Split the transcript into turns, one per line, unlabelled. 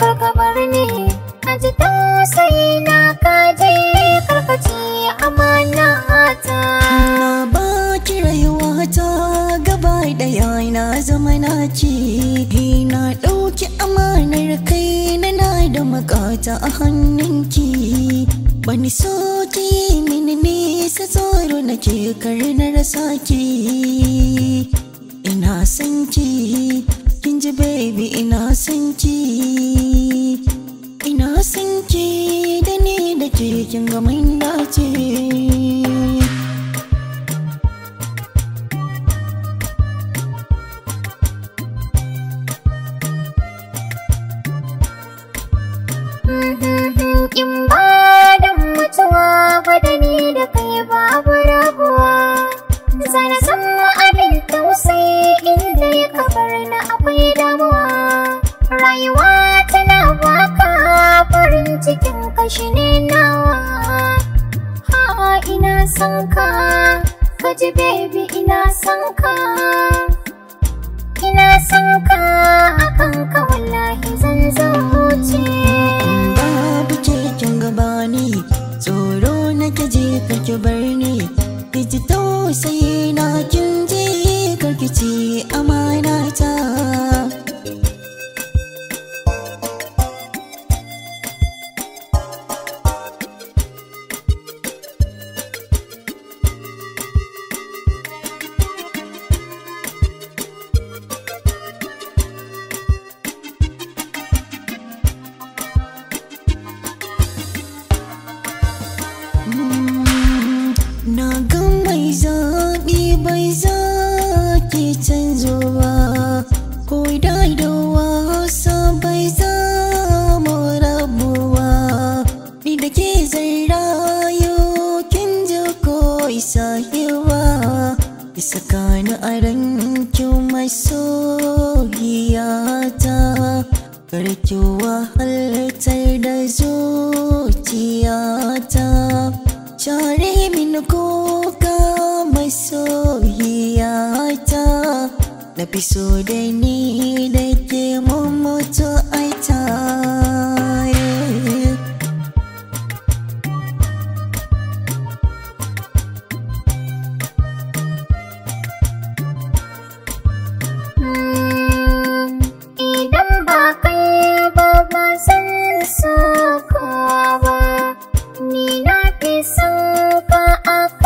Karkabar ne. ni ji tausayi na kaje je karkaci
amana ta na baki rayuwa ta gaba daya na zama na ci na ɗauki amanar kai na na da makata a hannunki bani so ki mini nisa tsoro nake kar na rasa ki ina san ki kin ji baby ina san ki ki da ni da ke kin ga mun dace
In ba don mutuwa ba da ni da kai babu rabuwa Zana san abin tausayi inda ya kabar na akwai damuwa Rayuwa farin cikin kashi ne nawa ha ina son ka kaji baby ina son ka
ina son ka akan ka wallahi zan ce babu gaba gabani tsoro na ji kake bar ni kiji tausayi na kin ji karkici amana ta sakani aran kyo mai soyiyata karki wahaltar da zuciyata share min kuka mai ta na fi so da ni da ke mummutu
ke san ka